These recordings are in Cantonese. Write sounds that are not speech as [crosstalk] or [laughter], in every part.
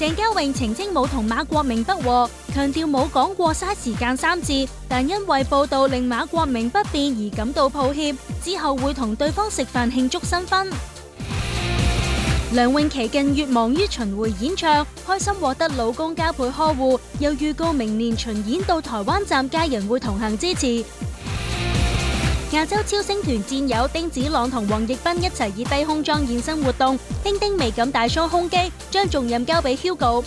.鄭嘉穎澄清冇同馬國明不和，強調冇講過嘥時間三字，但因為報道令馬國明不便而感到抱歉，之後會同對方食飯慶祝新婚。梁詠琪近月忙於巡迴演唱，開心獲得老公加倍呵護，又預告明年巡演到台灣站家人會同行支持。 [noise] 亞洲超星團戰友丁子朗同黃奕斌一齊以低胸裝現身活動，丁丁未敢大 show 胸肌，將重任交俾 Hugo。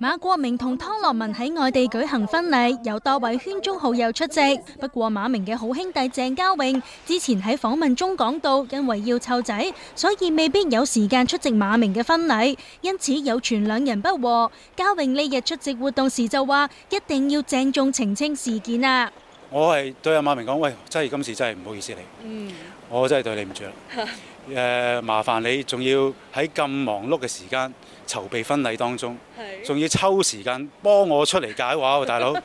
馬國明同湯洛雯喺外地舉行婚禮，有多位圈中好友出席。不過馬明嘅好兄弟鄭嘉穎之前喺訪問中講到，因為要湊仔，所以未必有時間出席馬明嘅婚禮。因此有傳兩人不和。嘉穎呢日出席活動時就話一定要鄭重澄清事件啊！我係對阿馬明講，喂，真係今次真係唔好意思你，嗯，我真係對你唔住啦，誒，麻煩你仲要喺咁忙碌嘅時間。籌備婚禮當中，仲的要抽時間幫我出嚟解話，大佬！ [laughs] 的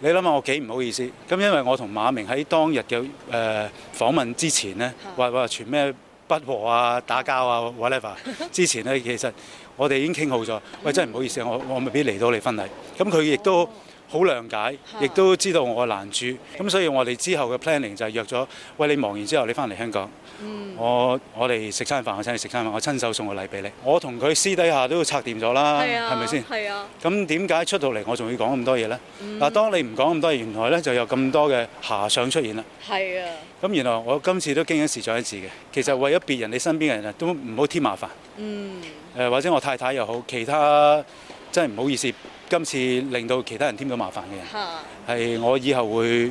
你諗下我幾唔好意思。咁因為我同馬明喺當日嘅誒、呃、訪問之前呢，話話的傳咩不和啊、打交啊 whatever。之前呢，其實我哋已經傾好咗。 [laughs] 喂，真係唔好意思，我我未必嚟到你婚禮。咁佢亦都哦好諒解，亦都知道我嘅難處，咁 Okay.、嗯、所以我哋之後嘅 planning 就係約咗，喂，你忙完之後你翻嚟香港，嗯、我我哋食餐飯，我請你食餐飯，我親手送個禮俾你，我同佢私底下都要拆掂咗啦，係咪先？係啊。咁點解出到嚟我仲要講咁多嘢呢？嗱、嗯啊，當你唔講咁多嘢，原來呢就有咁多嘅遐想出現啦。係啊。咁、嗯、原來我今次都經一事，長一智嘅，其實為咗別人，你身邊嘅人都唔好添麻煩。嗯。誒、呃，或者我太太又好，其他，其他真係唔好意思。今次令到其他人添咗麻煩嘅係我，以後會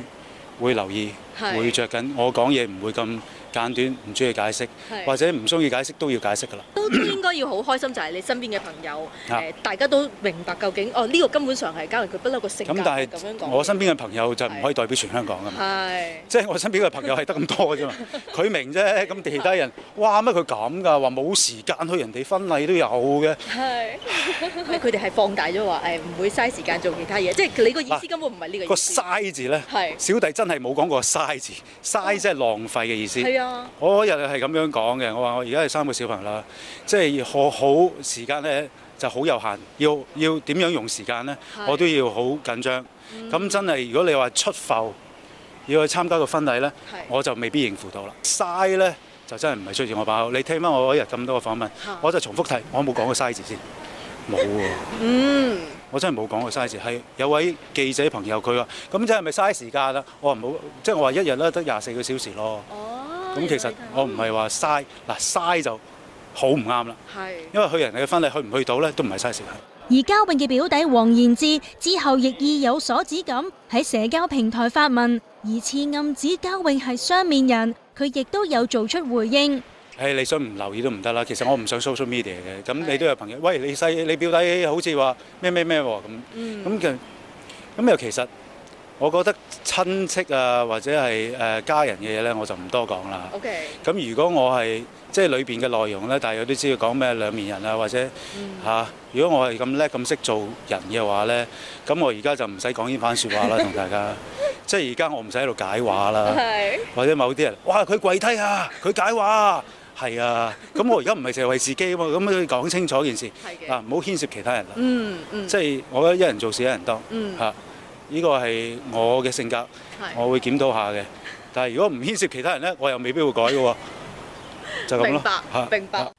會留意，是會着緊。我講嘢唔會咁。簡短，唔中意解釋，或者唔中意解釋都要解釋㗎啦。都應該要好開心，就係你身邊嘅朋友，誒，大家都明白究竟哦。呢個根本上係因為佢不嬲個性格。咁但係我身邊嘅朋友就唔可以代表全香港㗎嘛。係。即係我身邊嘅朋友係得咁多啫嘛。佢明啫。咁地底人，哇乜佢咁㗎？話冇時間去人哋婚禮都有嘅。係。咁佢哋係放大咗話誒，唔會嘥時間做其他嘢。即係你個意思根本唔係呢個意思。個嘥字咧，小弟真係冇講過嘥字。嘥即係浪費嘅意思。係啊。我嗰日係咁樣講嘅。我話我而家係三個小朋友啦，即係學好時間咧就好有限。要要點樣用時間咧？是 我都要好緊張。咁、嗯、真係如果你話出埠要去參加個婚禮咧，是 我就未必應付到啦。嘥咧就真係唔係出於我把口。你聽翻我嗰日咁多個訪問，是啊、我就重複提，我冇講過嘥字先冇喎。嗯，我真係冇講過嘥字。係有位記者朋友佢話：咁即係咪嘥時間啦、啊？我話唔好，即係我話一日咧得廿四個小時咯。哦咁其實我唔係話嘥，嗱嘥就好唔啱啦。因為去人哋嘅婚禮，去唔去到咧都唔係嘥時間。而嘉穎嘅表弟黃賢志之後亦意有所指咁喺社交平台發問，疑似暗指嘉穎係雙面人，佢亦都有做出回應。誒，你想唔留意都唔得啦。其實我唔想 social media 嘅，咁你都有朋友，喂，你細你表弟好似話咩咩咩喎咁。嗯。咁嘅，咁又其實。我覺得親戚啊，或者係誒家人嘅嘢咧，我就唔多講啦。OK。咁如果我係即係裏邊嘅內容咧，大家都知道講，講咩兩面人啊，或者嚇、mm. 啊。如果我係咁叻咁識做人嘅話咧，咁我而家就唔使講呢番説話啦，同 [laughs] 大家。即係而家我唔使喺度解話啦。係。 [laughs] 或者某啲人，哇！佢跪低啊，佢解話啊，係啊。咁我而家唔係淨係為自己啊嘛，咁要講清楚件事。的啊，唔好牽涉其他人啦。嗯、mm. mm. 即係我覺得一人做事一人當。嗯、啊。啊。呢個係我嘅性格，我會檢討下嘅。但係如果唔牽涉其他人呢，我又未必會改嘅喎。就咁、是、咯，明白。喺、啊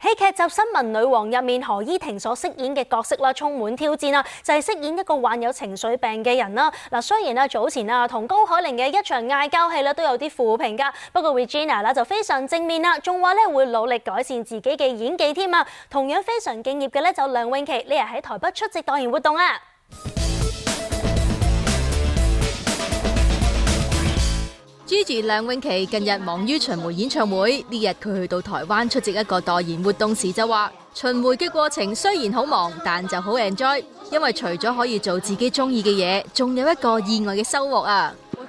啊、劇集《新聞女王》入面，何依婷所飾演嘅角色啦，充滿挑戰啊！就係、是、飾演一個患有情緒病嘅人啦。嗱，雖然啦，早前啦，同高海寧嘅一場嗌交戲呢，都有啲負評㗎。不過 Regina 啦就非常正面啦，仲話咧會努力改善自己嘅演技添啊。同樣非常敬業嘅咧，就梁詠琪呢日喺台北出席代言活動啊。跟住梁詠琪近日忙於巡迴演唱會，呢日佢去到台灣出席一個代言活動時就話：巡迴嘅過程雖然好忙，但就好 enjoy，因為除咗可以做自己中意嘅嘢，仲有一個意外嘅收穫啊！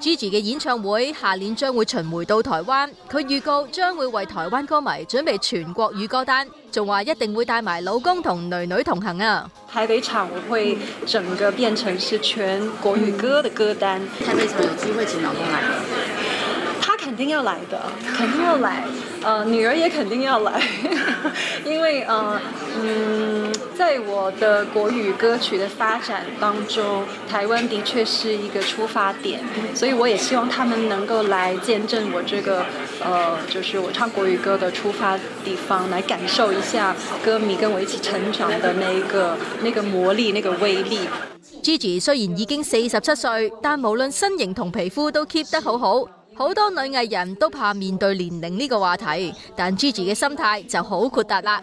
Gigi 嘅演唱會下年將會巡回到台灣，佢預告將會為台灣歌迷準備全國語歌單，仲話一定會帶埋老公同女女同行啊！台北場會整個變成是全國語歌的歌單。嗯、台北場有機會請老公來，他肯定要來的，肯定要來。呃、uh，女兒也肯定要來， [laughs] 因為呃，嗯、uh, um。在我的國語歌曲的發展當中，台灣的確是一個出發點，所以我也希望他們能夠來見證我這個，呃，就是我唱國語歌的出發地方，來感受一下歌迷跟我一起成長的那一個、那個魔力、那個威力。Gigi 雖然已經四十七歲，但無論身形同皮膚都 keep 得好好。好多女藝人都怕面對年齡呢個話題，但 Gigi 嘅心態就好豁達啦。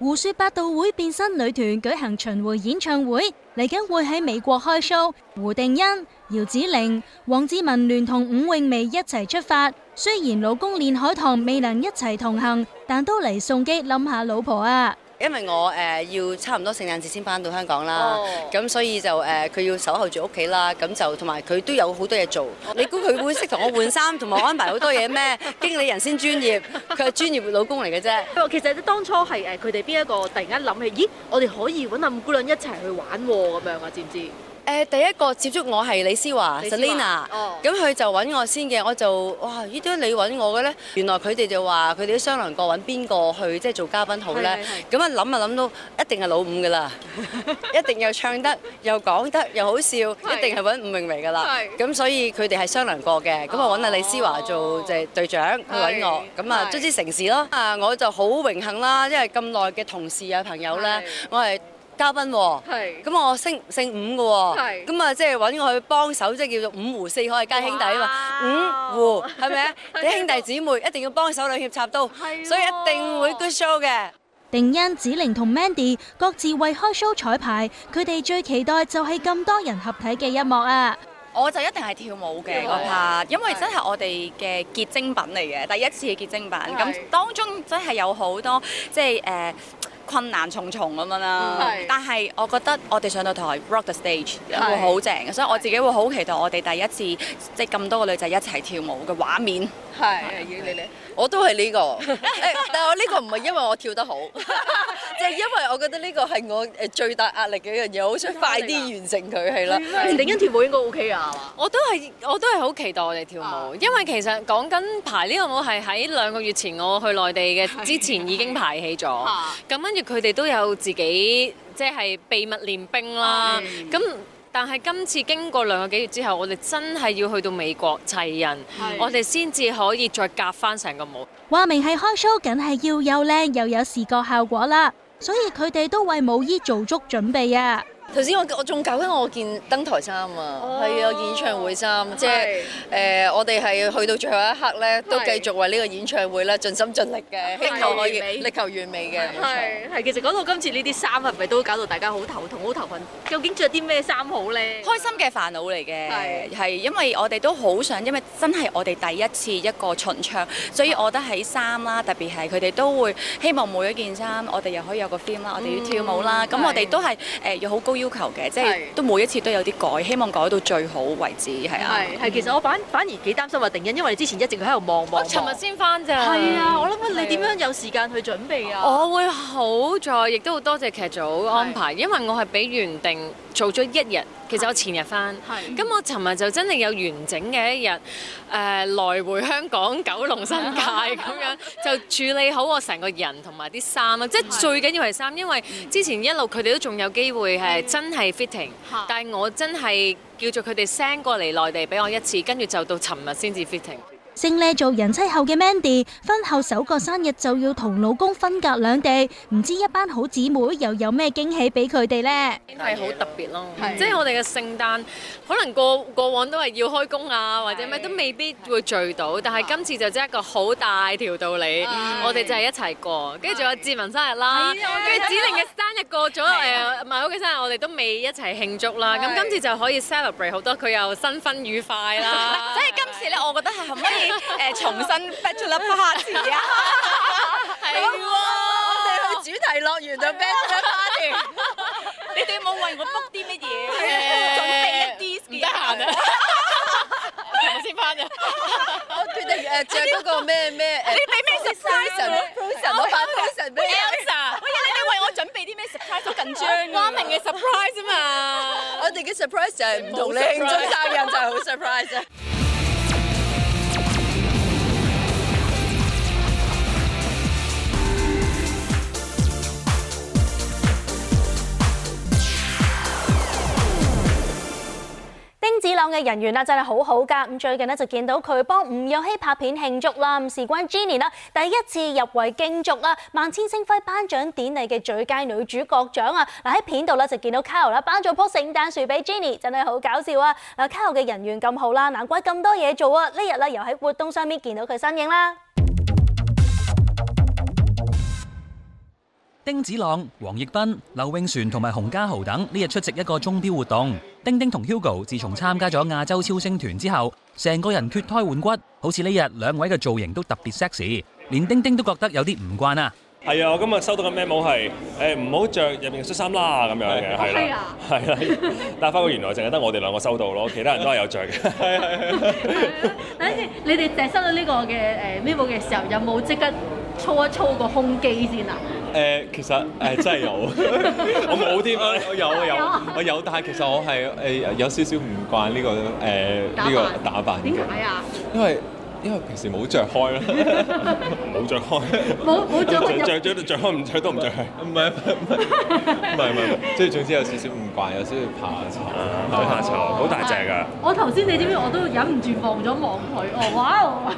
胡說八道會變身女團舉行巡迴演唱會，嚟緊會喺美國開 show。胡定欣、姚子羚、黃智雯聯同伍詠薇一齊出發，雖然老公練海棠未能一齊同行，但都嚟送機諗下老婆啊！因為我誒、呃、要差唔多聖誕節先翻到香港啦，咁、oh. 所以就誒佢、呃、要守候住屋企啦，咁就同埋佢都有好多嘢做。你估佢會識同我換衫，同埋 [laughs] 安排好多嘢咩？經理人先專業，佢係專業老公嚟嘅啫。不過其實咧，當初係誒佢哋邊一個突然間諗起，咦，我哋可以搵阿吳姑娘一齊去玩咁樣啊？知唔知？誒，第一個接觸我係李思華、Selina，咁佢就揾我先嘅，我就哇，點解你揾我嘅咧？原來佢哋就話佢哋都商量過揾邊個去即係做嘉賓好咧，咁啊諗啊諗到一定係老五噶啦，一定又唱得又講得又好笑，一定係揾伍詠薇噶啦，咁所以佢哋係商量過嘅，咁啊揾阿李思華做即係隊長揾我，咁啊卒之成事咯，啊我就好榮幸啦，因為咁耐嘅同事啊朋友咧，我係。嘉賓喎，咁我姓姓伍嘅喎，咁啊即係揾我去幫手，即係叫做五湖四海嘅皆兄弟啊嘛，五湖係咪啊？啲兄弟姊妹一定要幫手兩肋插刀，所以一定會 good show 嘅。定欣、子玲同 Mandy 各自為開 show 彩排，佢哋最期待就係咁多人合體嘅一幕啊！我就一定係跳舞嘅嗰 part，因為真係我哋嘅結晶品嚟嘅，第一次嘅結晶品。咁當中真係有好多即係誒。困難重重咁樣啦，嗯、但係我覺得我哋上到台 rock the stage 是會好正，所以我自己會好期待我哋第一次即係咁多個女仔一齊跳舞嘅畫面。係要你我都係呢個， [laughs] 但係我呢個唔係因為我跳得好， [laughs] 就係因為我覺得呢個係我誒最大壓力嘅一樣嘢，我想快啲完成佢係啦。另、啊、一樣跳舞應該 OK 噶係，我都係，我都係好期待我哋跳舞，啊、因為其實講緊排呢個舞係喺兩個月前，我去內地嘅之前已經排起咗，咁跟住佢哋都有自己即係秘密練兵啦，咁、啊。但係今次經過兩個幾月之後，我哋真係要去到美國齊人，是我哋先至可以再夾翻，成個舞。話明係開 show，梗係要有靚又有視覺效果啦，所以佢哋都為舞衣做足準備啊！頭先我我仲搞緊我件登台衫啊，係啊、哦，演唱會衫，是即係誒、呃，我哋係去到最後一刻咧，是都繼續為呢個演唱會咧盡心盡力嘅的力，力求完美，力求完美嘅。係錯其實講到今次呢啲衫係咪都搞到大家好頭痛好頭暈？究竟着啲咩衫好咧？開心嘅煩惱嚟嘅，係的因為我哋都好想，因為真係我哋第一次一個巡唱，所以我覺得喺衫啦，特別係佢哋都會希望每一件衫，我哋又可以有個 feel 啦，我哋要跳舞啦，咁、嗯、我哋都係誒、呃、要好高。要求嘅，即係都每一次都有啲改，希望改到最好為止，係啊。係，其實我反反而幾擔心話定音，因為之前一直佢喺度望望望。我尋日先翻啫。係啊，我諗你點樣有時間去準備啊？我會好在，亦都好多謝劇組安排，因為我係比原定做咗一日。其實我前日翻，係，咁我尋日就真係有完整嘅一日，誒來回香港、九龍新界咁樣，就處理好我成個人同埋啲衫啦。即係最緊要係衫，因為之前一路佢哋都仲有機會係。真係 fitting，但係我真係叫做佢哋 send 過嚟內地俾我一次，跟住就到尋日先至 fitting。正呢做人妻後嘅 Mandy，婚後首個生日就要同老公分隔兩地，唔知一班好姊妹又有咩驚喜俾佢哋呢？係好特別咯，即係我哋嘅聖誕，可能過過往都係要開工啊，或者咩都未必會聚到，但係今次就真係一個好大條道理，我哋就係一齊過，跟住仲有志文生日啦，跟住子寧嘅生日過咗誒，唔係屋企生日，我哋都未一齊慶祝啦，咁今次就可以 celebrate 好多，佢又新婚愉快啦，所以今次呢，我覺得係乜嘢？誒重新 Bachelor Party 啊！係喎，我哋去主題樂園就 Bachelor Party。你哋有冇為我 book 啲乜嘢？做第一 days 唔得閒啊！我先翻㗎。我決定誒着嗰個咩咩。你俾咩 surprise 咧？我扮 Elsa。我話你哋為我準備啲咩 surprise 好緊張啊。阿明嘅 surprise 啊嘛。我哋嘅 surprise 就係唔同你慶祝生日，就係好 surprise 啊。子朗嘅人緣啦真係好好噶，咁最近咧，就見到佢幫吳若希拍片慶祝啦，事關 Jenny 啦，第一次入圍競逐啦萬千星輝頒獎典禮嘅最佳女主角獎啊！嗱喺片度咧，就見到 Carol 啦，頒咗棵聖誕樹俾 Jenny，真係好搞笑啊！嗱 Carol 嘅人緣咁好啦，難怪咁多嘢做啊！呢日啦又喺活動上面見到佢身影啦。丁子朗、王奕斌、劉穎璇同埋洪家豪等呢日出席一個鐘錶活動。丁丁同 Hugo 自從參加咗亞洲超星團之後，成個人脫胎換骨，好似呢日兩位嘅造型都特別 sexy，連丁丁都覺得有啲唔慣啊。係啊，我今日收到嘅 memo 係誒，唔好着入面恤衫啦，咁樣嘅係啊，係啊的的，但係發覺原來淨係得我哋兩個收到咯，其他人都係有着嘅 [laughs] 等陣，你哋淨係收到呢個嘅誒 memo 嘅時候，有冇即刻操一操個胸肌先啊？誒、呃、其實誒、呃、真係有， [laughs] 我冇添啊，我有啊有，我有，我有 [laughs] 我有，但係其實我係誒、呃、有少少唔慣呢、呢個誒呢、呃、扮個打扮嘅。點解啊？因為。因為平時冇着開啦，冇着開。冇冇著開。着著開，唔着，都唔着。開。唔係唔係唔係，即係總之有少少唔慣，有少少怕醜，怕醜。好大隻噶。我頭先，你知唔知我都忍唔住望咗望佢，哇！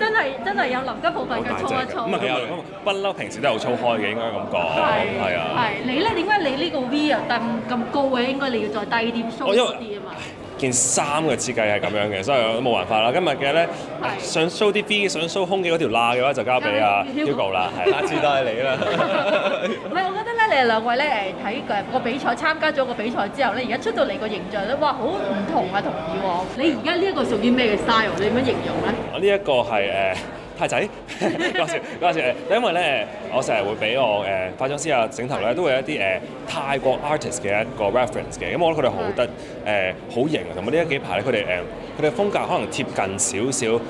真係真係有林金部分嘅粗一粗。咁啊幾不嬲平時都有好粗開嘅，應該咁講係啊。係你咧？點解你呢個 V 啊咁咁高嘅？應該你要再低啲，收啲啊嘛。件衫嘅設計係咁樣嘅，所以我都冇辦法啦。今日嘅咧，想 show 啲 B，想 show 空嘅嗰條罅嘅話，就交俾阿 Hugo 啦，係， [music] 至多係你啦。唔 [laughs] 係， [laughs] [music] 我覺得咧，你哋兩位咧誒睇個比賽，參加咗個比賽之後咧，而家出到嚟個形象咧，哇，好唔同啊，同以往。你而家呢一個屬於咩嘅 style？你點樣形容咧？我呢一個係誒。哎太泰仔，多謝多謝誒，因為咧我成日會俾我誒、呃、化妝師啊整頭咧，都會有一啲誒、呃、泰國 artist 嘅一個 reference 嘅，咁、嗯、我覺得佢哋好得誒的、呃，好型，同埋呢一幾排咧佢哋誒佢哋風格可能貼近少少誒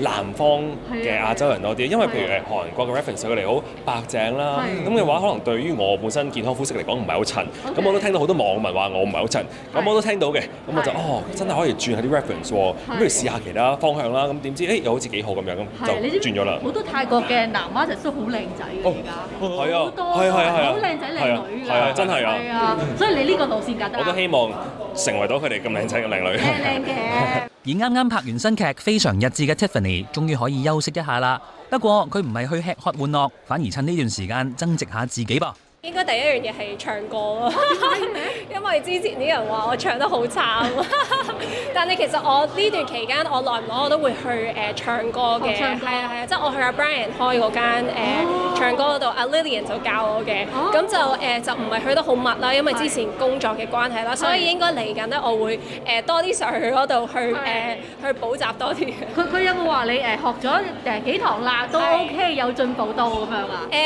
南方嘅亞洲人多啲，因為譬如誒的韓國嘅 reference 佢哋好白淨啦，咁嘅的話可能對於我本身健康膚色嚟講唔係好襯，咁 Okay、嗯、我都聽到好多網民話我唔係好襯，咁的、嗯、我都聽到嘅，咁、嗯、我就的哦真係可以轉下啲 reference 喎、哦，咁的不如試下其他方向啦，咁點知誒又好似幾好咁樣咁就。轉咗啦！好多泰國嘅男娃仔都好靚仔而家，好多，好靚仔靚女㗎，真係啊！所以你呢個路線架得。我都希望成為到佢哋咁靚仔嘅靚女。靚靚嘅。而啱啱拍完新劇非常日誌嘅 Tiffany，終於可以休息一下啦。不過佢唔係去吃喝玩樂，反而趁呢段時間增值下自己噃。應該第一樣嘢係唱歌咯， [laughs] [laughs] 因為之前啲人話我唱得好差， [laughs] 但係其實我呢段期間我耐唔耐我都會去誒、呃、唱歌嘅，係啊係啊，即係我去阿、啊、Brian 開嗰間、oh. 呃、唱歌嗰度，阿、啊、Lillian 就教我嘅，咁、oh. 就誒、呃、就唔係去得好密啦，因為之前工作嘅關係啦，oh. 所以應該嚟緊咧，我會誒、呃、多啲上去嗰度去誒、oh. 呃、去補習多啲。佢佢有冇話你誒、呃、學咗誒幾堂啦，都 OK [laughs] 有進步到咁樣啊？誒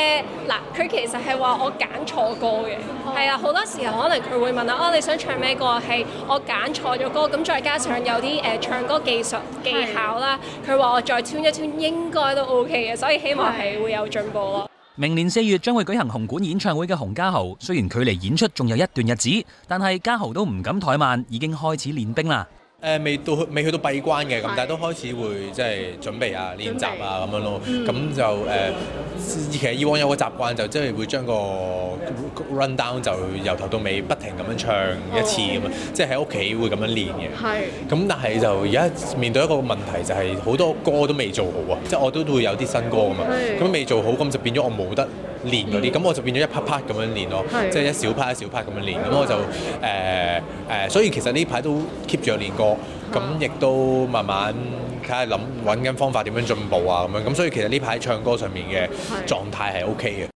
嗱，佢、呃、其實係話我揀錯歌嘅，係啊，好多時候可能佢會問啊，你想唱咩歌？係我揀錯咗歌，咁再加上有啲誒唱歌技術技巧啦，佢話我再 try 一 try 應該都 ok 嘅，所以希望係會有進步咯。明年四月將會舉行紅館演唱會嘅洪嘉豪，雖然距離演出仲有一段日子，但係嘉豪都唔敢怠慢，已經開始練兵啦。誒、呃、未到，未去到閉關嘅咁，是但係都開始會即係、就是、準備啊、備練習啊咁樣咯。咁、嗯、就誒、呃，其實以、e、往有個習慣就即係、就是、會將個，個 run down 就由頭到尾不停咁樣唱一次咁啊，即係喺屋企會咁樣練嘅。係是。咁但係就而家面對一個問題就係好多歌都未做好啊，即、就、係、是、我都會有啲新歌㗎嘛。係是。咁未做好咁就變咗我冇得練啲，咁、嗯、我就變咗一 part part 咁樣練咯，的即係一小 part 一小 part 咁樣練，咁的我就誒誒、呃呃、所以其實呢排都 keep 住有練歌，咁亦都慢慢睇下諗，揾緊方法點樣進步啊咁樣，咁所以其實呢排唱歌上面嘅狀態係 OK 嘅。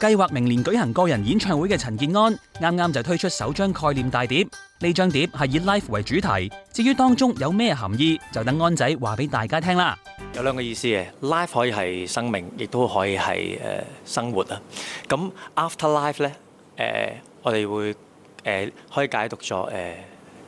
計劃明年舉行個人演唱會嘅陳建安，啱啱就推出首張概念大碟。呢張碟係以 life 為主題，至於當中有咩含義，就等安仔話俾大家聽啦。有兩個意思嘅，life 可以係生命，亦都可以係誒生活啊。咁 after life 呢，誒我哋會誒可以解讀做誒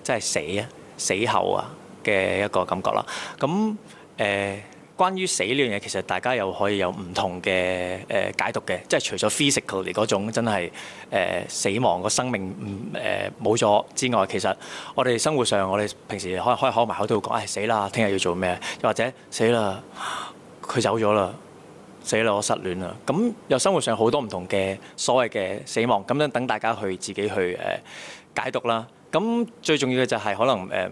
即係死啊死後啊嘅一個感覺啦。咁誒。關於死呢樣嘢，其實大家又可以有唔同嘅誒、呃、解讀嘅，即係除咗 physical 嚟嗰種真係誒、呃、死亡個生命唔誒冇咗之外，其實我哋生活上，我哋平時可以可以開口埋口都會講，唉、哎，死啦，聽日要做咩？又或者死啦，佢走咗啦，死啦，我失戀啦。咁、嗯、又生活上好多唔同嘅所謂嘅死亡，咁樣等大家去自己去誒、呃、解讀啦。咁、嗯、最重要嘅就係可能誒。呃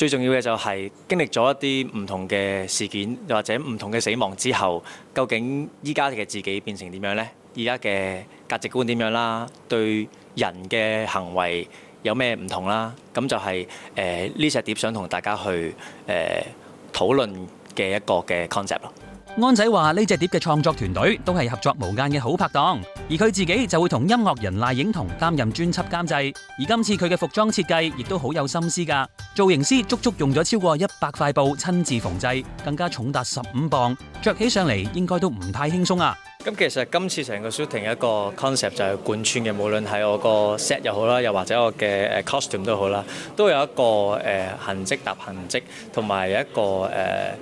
最重要嘅就係、是、經歷咗一啲唔同嘅事件，又或者唔同嘅死亡之後，究竟依家嘅自己變成點樣呢？依家嘅價值觀點樣啦，對人嘅行為有咩唔同啦？咁就係誒呢隻碟想同大家去誒、呃、討論嘅一個嘅 concept 咯。安仔話：呢隻碟嘅創作團隊都係合作無間嘅好拍檔，而佢自己就會同音樂人賴影彤擔任專輯監製。而今次佢嘅服裝設計亦都好有心思噶，造型師足足用咗超過一百塊布親自縫製，更加重達十五磅，着起上嚟應該都唔太輕鬆啊！咁其實今次成個 shooting 一個 concept 就係貫穿嘅，無論係我個 set 又好啦，又或者我嘅 costume 都好啦，都有一個誒、呃、痕跡搭痕跡，同埋有一個誒。呃，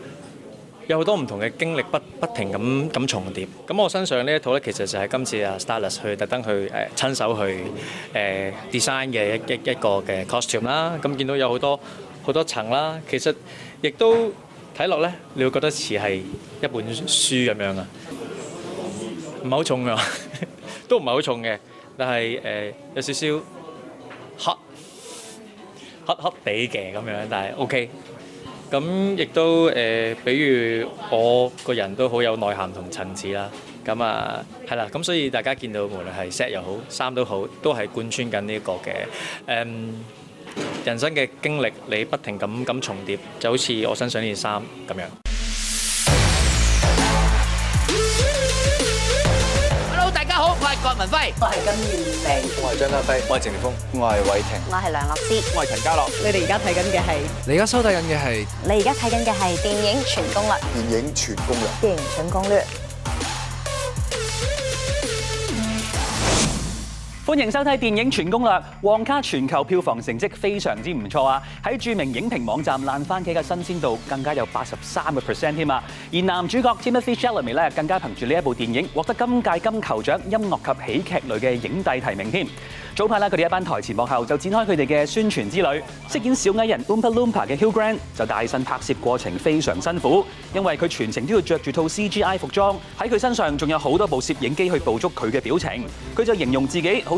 有好多唔同嘅經歷，不，不停咁咁重疊。咁我身上呢一套咧，其實就係今次啊 Stylist 去特登去誒親手去誒 design 嘅一一一個嘅 costume 啦。咁見到有好多好多層啦，其實亦都睇落咧，你會覺得似係一本書咁樣啊，唔係好重㗎，都唔係好重嘅，但係誒有少少黑黑黑哋嘅咁樣，但係 OK 咁亦、嗯、都誒、呃，比如我個人都好有內涵同層次啦。咁、嗯、啊，係、嗯、啦。咁所以大家見到無論係 set 又好，衫都好，都係貫穿緊呢個嘅誒、嗯、人生嘅經歷，你不停咁咁重疊，就好似我身上呢件衫咁樣。郭文輝，我係金燕明；我係張德輝，我係程少峰，我係偉霆；我係梁樂詩，我係陳家樂。你哋而家睇緊嘅係，你而家收睇緊嘅係，你而家睇緊嘅係電影全攻略，電影全攻略，電影全攻略。歡迎收睇電影全攻略。旺卡全球票房成績非常之唔錯啊！喺著名影評網站爛番茄嘅新鮮度更加有八十三個 percent 添啊！而男主角 Timothy Chalamet 咧更加憑住呢一部電影獲得今屆金球獎音樂及喜劇類嘅影帝提名添。早排啦，佢哋一班台前幕後就展開佢哋嘅宣傳之旅。飾演小矮人 Oompa-Loompa 嘅 Hugh Grant 就大呻拍攝過程非常辛苦，因為佢全程都要着住套 CGI 服裝，喺佢身上仲有好多部攝影機去捕捉佢嘅表情。佢就形容自己好。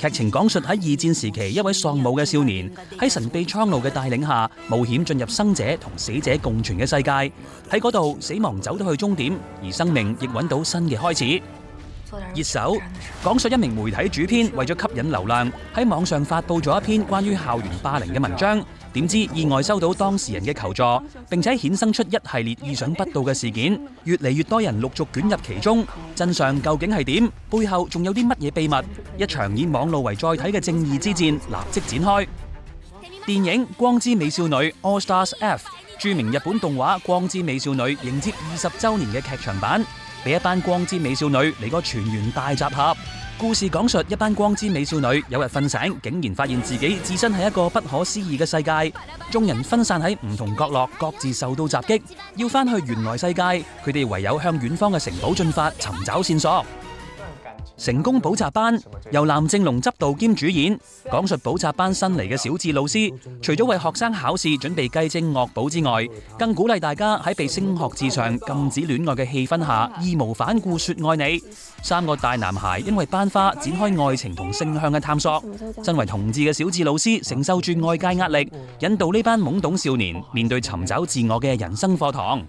劇情講述喺二戰時期，一位喪母嘅少年喺神秘蒼鷺嘅帶領下，冒險進入生者同死者共存嘅世界。喺嗰度，死亡走到去終點，而生命亦揾到新嘅開始。熱搜講述一名媒體主編為咗吸引流量，喺網上發佈咗一篇關於校園霸凌嘅文章。點知意外收到當事人嘅求助，並且衍生出一系列意想不到嘅事件，越嚟越多人陸續捲入其中，真相究竟係點？背後仲有啲乜嘢秘密？一場以網絡為載體嘅正義之戰立即展開。電影《光之美少女 All Stars F》，著名日本動畫《光之美少女》迎接二十周年嘅劇場版，俾一班光之美少女嚟個全員大集合。故事講述一班光之美少女，有日瞓醒，竟然發現自己自身喺一個不可思議嘅世界。眾人分散喺唔同角落，各自受到襲擊，要返去原來世界，佢哋唯有向遠方嘅城堡進發，尋找線索。成功補習班由藍正龍執導兼主演，講述補習班新嚟嘅小智老師，除咗為學生考試準備雞精惡補之外，更鼓勵大家喺被升學至上禁止戀愛嘅氣氛下，義無反顧說愛你。三個大男孩因為班花展開愛情同性向嘅探索，身為同志嘅小智老師承受住外界壓力，引導呢班懵懂少年面對尋找自我嘅人生課堂。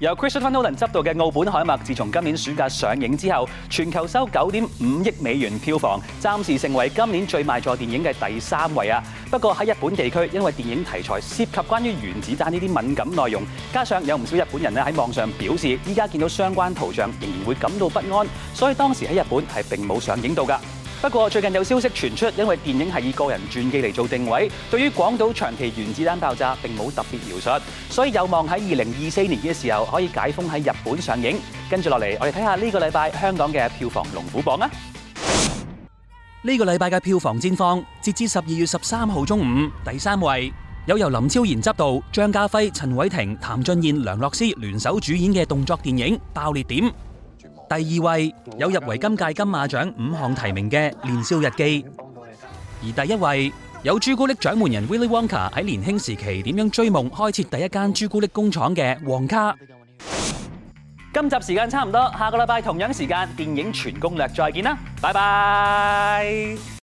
由 Christopher Nolan 執導嘅《奧本海默》，自從今年暑假上映之後，全球收九點五億美元票房，暫時成為今年最賣座電影嘅第三位啊！不過喺日本地區，因為電影題材涉及關於原子彈呢啲敏感內容，加上有唔少日本人咧喺網上表示，依家見到相關圖像仍然會感到不安，所以當時喺日本係並冇上映到噶。不過最近有消息傳出，因為電影係以個人傳記嚟做定位，對於廣島長期原子彈爆炸並冇特別描述，所以有望喺二零二四年嘅時候可以解封喺日本上映。跟住落嚟，我哋睇下呢個禮拜香港嘅票房龍虎榜啦！呢個禮拜嘅票房戰況，截至十二月十三號中午，第三位有由林超賢執導、張家輝、陳偉霆、譚俊彥、梁洛施聯手主演嘅動作電影《爆裂點》。第二位有入圍今屆金馬獎五項提名嘅《年少日記》，而第一位有朱古力掌門人 Willy Wonka 喺年輕時期點樣追夢，開設第一間朱古力工廠嘅《旺卡》。今集時間差唔多，下個禮拜同樣時間《電影全攻略》再見啦，拜拜。